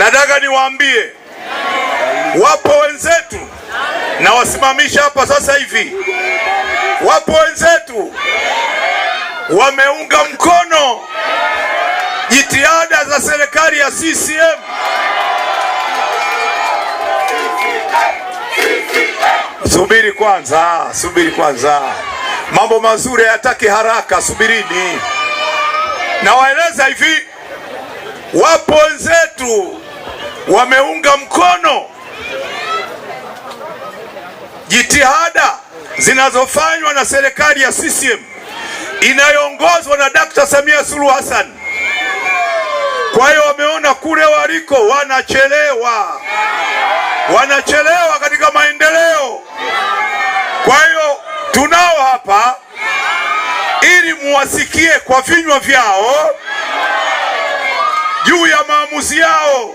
Nataka niwaambie wapo wenzetu na wasimamisha hapa sasa hivi, wapo wenzetu wameunga mkono jitihada za serikali ya CCM. Subiri kwanza, subiri kwanza, mambo mazuri hayataki haraka, subirini. Nawaeleza hivi, wapo wenzetu wameunga mkono jitihada zinazofanywa na serikali ya CCM inayoongozwa na Dkt. Samia Suluhu Hassan. Kwa hiyo wameona kule waliko wanachelewa, wanachelewa katika maendeleo. Kwa hiyo tunao hapa ili muwasikie kwa vinywa vyao juu ya maamuzi yao.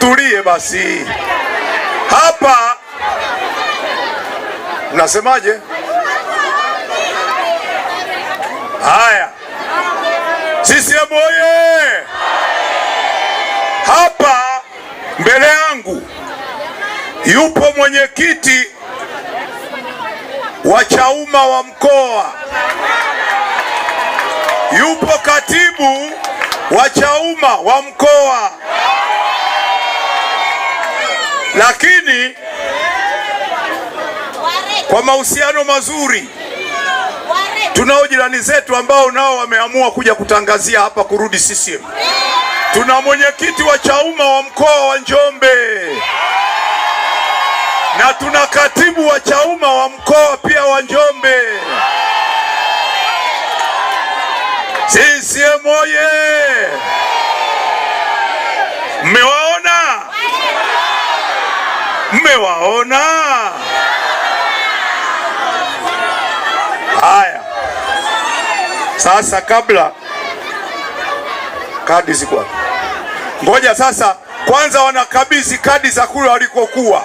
Tutulie basi hapa, mnasemaje? Haya, CCM oye! Hapa mbele yangu yupo mwenyekiti wa Chauma wa mkoa, yupo katibu wa Chauma wa mkoa lakini kwa mahusiano mazuri tunao jirani zetu ambao nao wameamua kuja kutangazia hapa kurudi CCM. Tuna mwenyekiti wa Chauma wa mkoa wa Njombe na tuna katibu wa Chauma wa mkoa pia wa Njombe. CCM oye! Mmewaona? Haya, sasa kabla kadi ziko ngoja sasa, kwanza wanakabidhi kadi za kule walikokuwa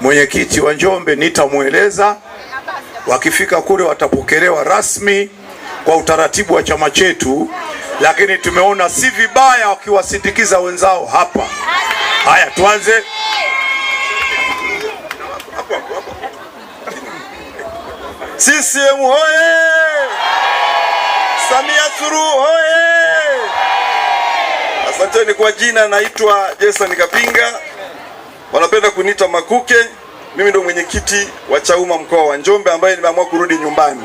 mwenyekiti wa Njombe nitamweleza. Wakifika kule watapokelewa rasmi kwa utaratibu wa chama chetu, lakini tumeona si vibaya wakiwasindikiza wenzao hapa. Haya, tuanze. CCM hoye! Samia Suluhu hoye! Asanteni. Kwa jina naitwa Jason Kapinga wanapenda kuniita Makuke. Mimi ndio mwenyekiti wa Chauma mkoa wa Njombe ambaye nimeamua kurudi nyumbani.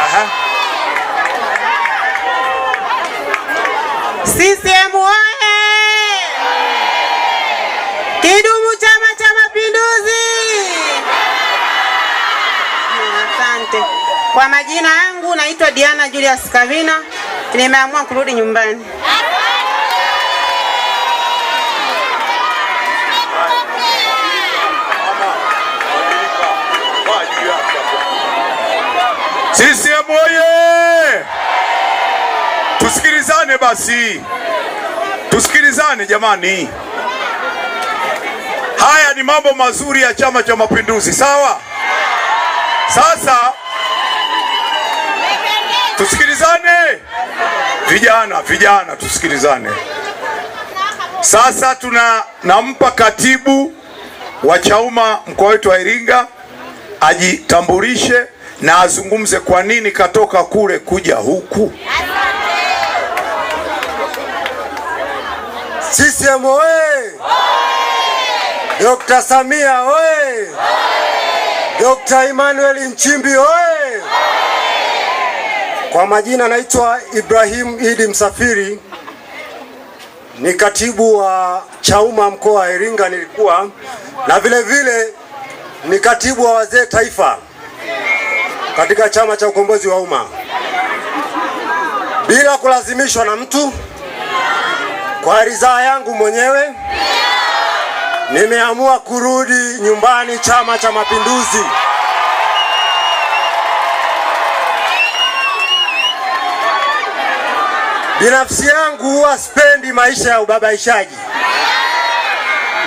Aha. CCM oye! Kidumu Chama cha Mapinduzi! Asante. Kwa majina yangu naitwa Diana Julius Kavina, nimeamua kurudi nyumbani. CCM oye! Tusikilizane basi, tusikilizane jamani. Haya ni mambo mazuri ya Chama cha Mapinduzi, sawa? Sasa tusikilizane vijana, vijana tusikilizane. Sasa tuna nampa katibu wa Chauma mkoa wetu wa Iringa ajitambulishe na azungumze kwa nini katoka kule kuja huku. CCM oye! Dr. Samia oye! Dr. Emmanuel Nchimbi oye! Kwa majina naitwa Ibrahim Idi Msafiri, ni katibu wa Chauma mkoa wa Iringa nilikuwa, na vile vile ni katibu wa wazee taifa katika chama cha ukombozi wa umma bila kulazimishwa na mtu, kwa ridhaa yangu mwenyewe nimeamua kurudi nyumbani Chama cha Mapinduzi. Binafsi yangu huwa sipendi maisha ya ubabaishaji.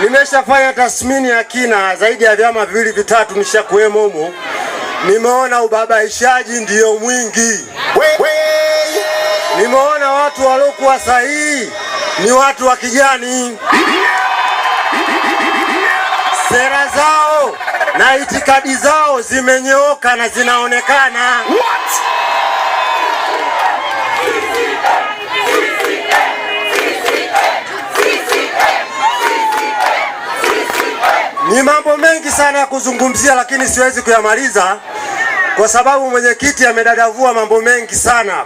Nimeshafanya tathmini ya kina, zaidi ya vyama viwili vitatu nishakuwemo humo Nimeona ubabaishaji ndiyo mwingi. Nimeona watu waliokuwa sahihi ni watu wa kijani, sera zao na itikadi zao zimenyooka na zinaonekana What? Ni mambo mengi sana ya kuzungumzia, lakini siwezi kuyamaliza kwa sababu mwenyekiti amedadavua mambo mengi sana.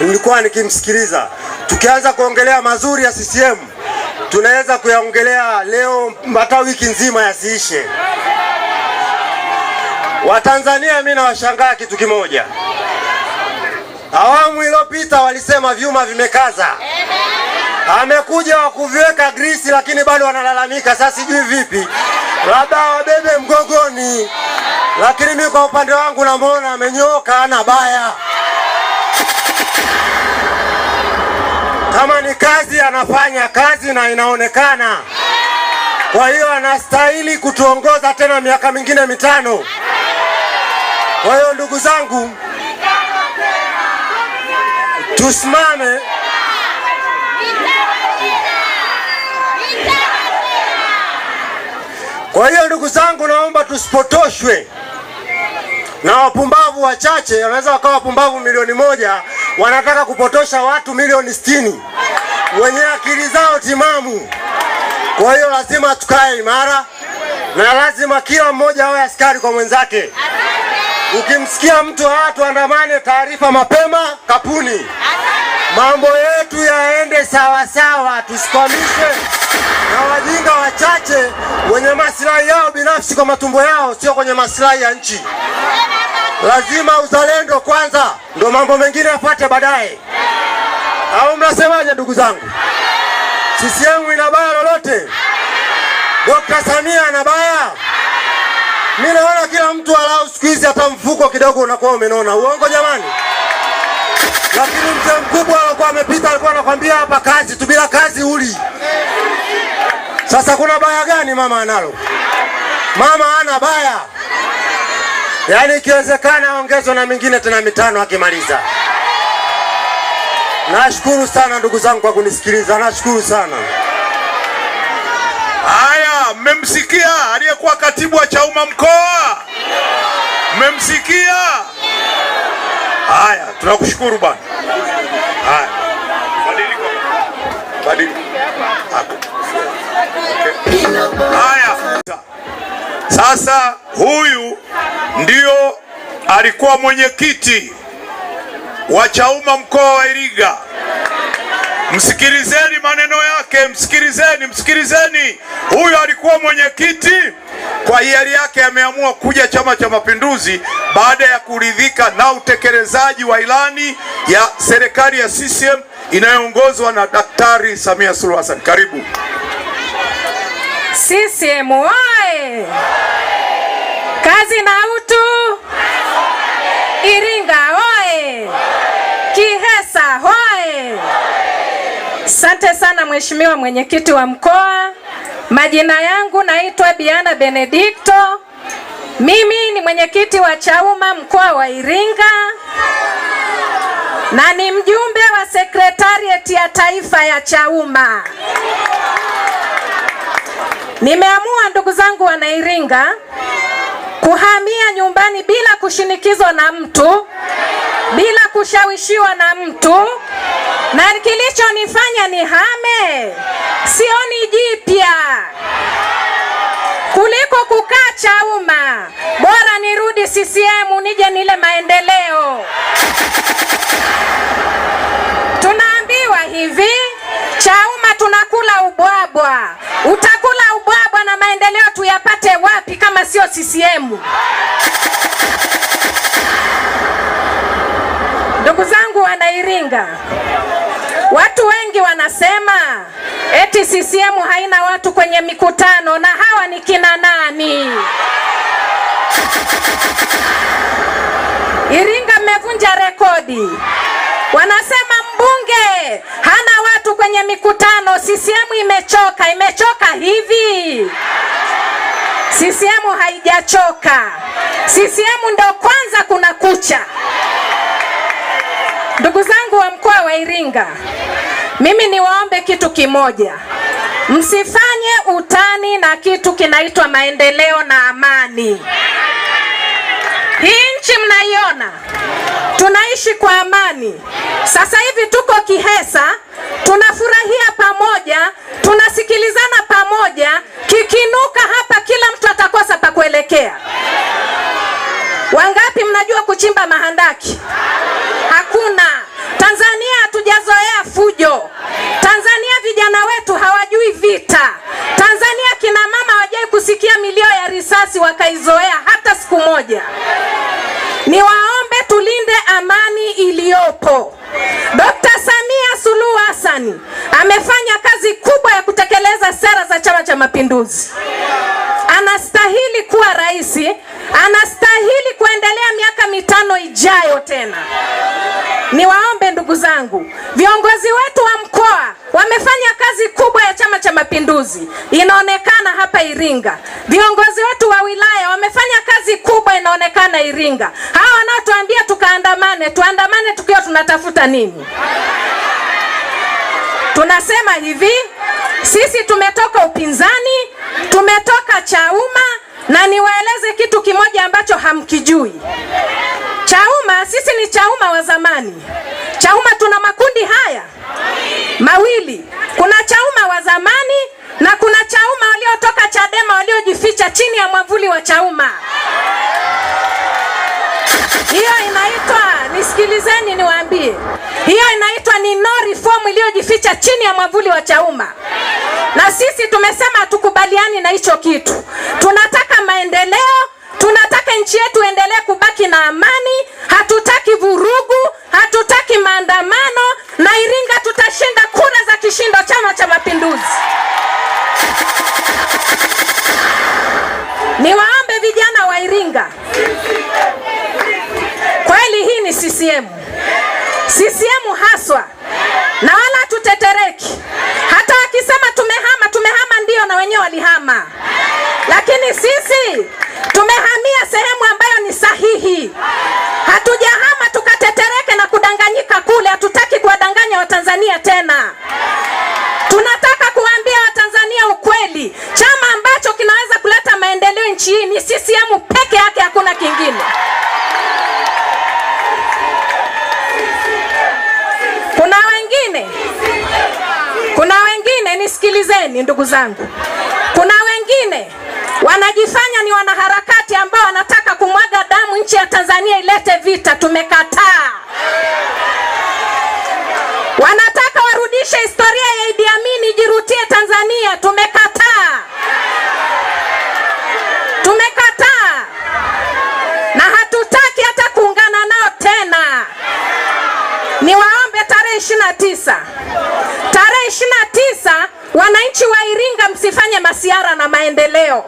Nilikuwa nikimsikiliza, tukianza kuongelea mazuri ya CCM tunaweza kuyaongelea leo hata wiki nzima yasiishe. Watanzania, mimi nawashangaa kitu kimoja. Awamu iliyopita walisema vyuma vimekaza, amekuja wa kuviweka grisi, lakini bado wanalalamika. Sasa sijui vipi labda wabebe mgongoni, lakini mi kwa upande wangu namwona amenyoka ana baya. Kama ni kazi anafanya kazi na inaonekana, kwa hiyo anastahili kutuongoza tena miaka mingine mitano. Kwa hiyo ndugu zangu, tusimame. Kwa hiyo ndugu zangu, naomba tusipotoshwe na wapumbavu wachache. Wanaweza wakawa wapumbavu milioni moja, wanataka kupotosha watu milioni sitini wenye akili zao timamu. Kwa hiyo lazima tukae imara na lazima kila mmoja awe askari kwa mwenzake. Ukimsikia mtu hawa tuandamane, taarifa mapema kapuni, mambo yetu yaende sawasawa, tusikwamishe na wajinga wachache wenye maslahi yao binafsi kwa matumbo yao, sio kwenye maslahi ya nchi. Lazima uzalendo kwanza, ndio mambo mengine yapate baadaye, au mnasemaje ndugu zangu? CCM ina baya lolote? Dr. Samia ana baya? Mi naona kila mtu alau siku hizi hata mfuko kidogo unakuwa umenona. Uongo jamani? Lakini mzee mkubwa alikuwa amepita, alikuwa anakwambia hapa, kazi tu, bila kazi uli sasa kuna baya gani mama analo? Mama ana baya, yaani ikiwezekana aongezwe na mingine tena mitano akimaliza. Nashukuru sana ndugu zangu kwa kunisikiliza, nashukuru sana. Haya, mmemsikia aliyekuwa katibu wa Chauma mkoa, mmemsikia. Haya, tunakushukuru bwana. Haya, badilika, badilika. Haya, sasa huyu ndio alikuwa mwenyekiti wa Chauma mkoa wa Iringa. Msikilizeni maneno yake, msikilizeni, msikilizeni. Huyu alikuwa mwenyekiti, kwa hiari yake ameamua kuja Chama cha Mapinduzi baada ya kuridhika na utekelezaji wa ilani ya serikali ya CCM inayoongozwa na Daktari Samia Suluhu Hassan. Karibu. CCM oye! Kazi na utu Iringa oye! Kihesa oye! Sante sana mheshimiwa mwenyekiti wa mkoa. Majina yangu naitwa Biana Benedikto. Mimi ni mwenyekiti wa Chauma mkoa wa Iringa na ni mjumbe wa sekretarieti ya taifa ya Chauma. Nimeamua ndugu zangu wana Iringa kuhamia nyumbani bila kushinikizwa na mtu, bila kushawishiwa na mtu, na kilichonifanya nihame sioni jipya kuliko kukaa Chauma. Bora nirudi CCM nije nile maendeleo. Tunaambiwa hivi Chauma tunakula ubwabwa. Utakula ubwabwa na maendeleo tuyapate wapi kama sio CCM? Ndugu zangu wana Iringa, watu wengi wanasema eti CCM haina watu kwenye mikutano, na hawa ni kina nani? Iringa mmevunja rekodi, wanasema mbunge hana kwenye mikutano, CCM imechoka. Imechoka hivi? CCM haijachoka. CCM ndo kwanza kuna kucha. Ndugu zangu wa mkoa wa Iringa, mimi niwaombe kitu kimoja, msifanye utani na kitu kinaitwa maendeleo na amani. Hii nchi mnaiona tunaishi kwa amani. Sasa hivi tuko Kihesa tunafurahia pamoja, tunasikilizana pamoja. Kikinuka hapa, kila mtu atakosa pa kuelekea. Wangapi mnajua kuchimba mahandaki? Hakuna. Tanzania hatujazoea fujo. Tanzania vijana wetu hawajui vita. Tanzania kina mama hawajai kusikia milio ya risasi wakaizoea hata siku moja. Ni wa Mapinduzi anastahili kuwa rais, anastahili kuendelea miaka mitano ijayo tena. Niwaombe ndugu zangu, viongozi wetu wa mkoa wamefanya kazi kubwa ya Chama cha Mapinduzi, inaonekana hapa Iringa. Viongozi wetu wa wilaya wamefanya kazi kubwa, inaonekana Iringa. Hawa wanaotuambia tukaandamane, tuandamane tukiwa tunatafuta nini? Tunasema hivi sisi tumetoka upinzani, tumetoka Chauma, na niwaeleze kitu kimoja ambacho hamkijui. Chauma, sisi ni Chauma wa zamani. Chauma tuna makundi haya mawili, kuna Chauma wa zamani na kuna Chauma waliotoka Chadema waliojificha chini ya mwavuli wa Chauma. Hiyo inaitwa nisikilizeni, niwaambie hiyo inaitwa ni no reform iliyojificha chini ya mwavuli wa Chauma, na sisi tumesema hatukubaliani na hicho kitu. Tunataka maendeleo, tunataka nchi yetu endelee kubaki na amani. Hatutaki vurugu, hatutaki maandamano, na Iringa tutashinda kura za kishindo, Chama cha Mapinduzi. Niwaombe vijana wa Iringa, kweli hii ni CCM CCM haswa, na wala hatutetereki. Hata wakisema tumehama, tumehama ndio, na wenyewe walihama, lakini sisi tumehamia sehemu ambayo ni sahihi. Hatujahama tukatetereke na kudanganyika kule. Hatutaki kuwadanganya Watanzania tena, tunataka kuwaambia Watanzania ukweli. Chama ambacho kinaweza kuleta maendeleo nchi hii ni CCM peke yake, hakuna kingine. nisikilizeni ndugu zangu, kuna wengine wanajifanya ni wanaharakati ambao wanataka kumwaga damu nchi ya Tanzania ilete vita. Tumekataa. Wanataka warudishe historia ya Idi Amin ijirutie Tanzania. Tumekataa. Tumekataa na hatutaki hata kuungana nao tena. Niwaombe tarehe 29 Tarehe ishirini na tisa, wananchi wa Iringa msifanye masiara na maendeleo,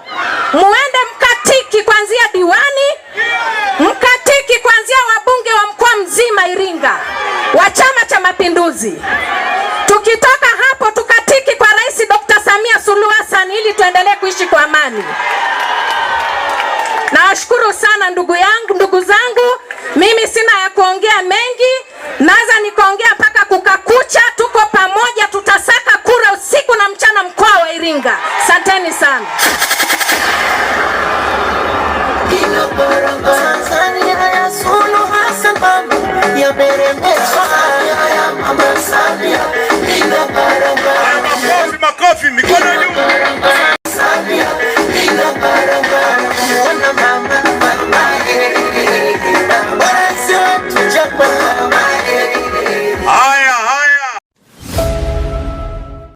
muende mkatiki kuanzia diwani, mkatiki kuanzia wabunge wa mkoa mzima Iringa wa Chama cha Mapinduzi. Tukitoka hapo tukatiki kwa Rais Dr. Samia Suluhu Hassan ili tuendelee kuishi kwa amani. Nawashukuru sana ndugu yangu, ndugu zangu, mimi sina ya kuongea mengi, naweza nikaongea mpaka kukakucha. Tuko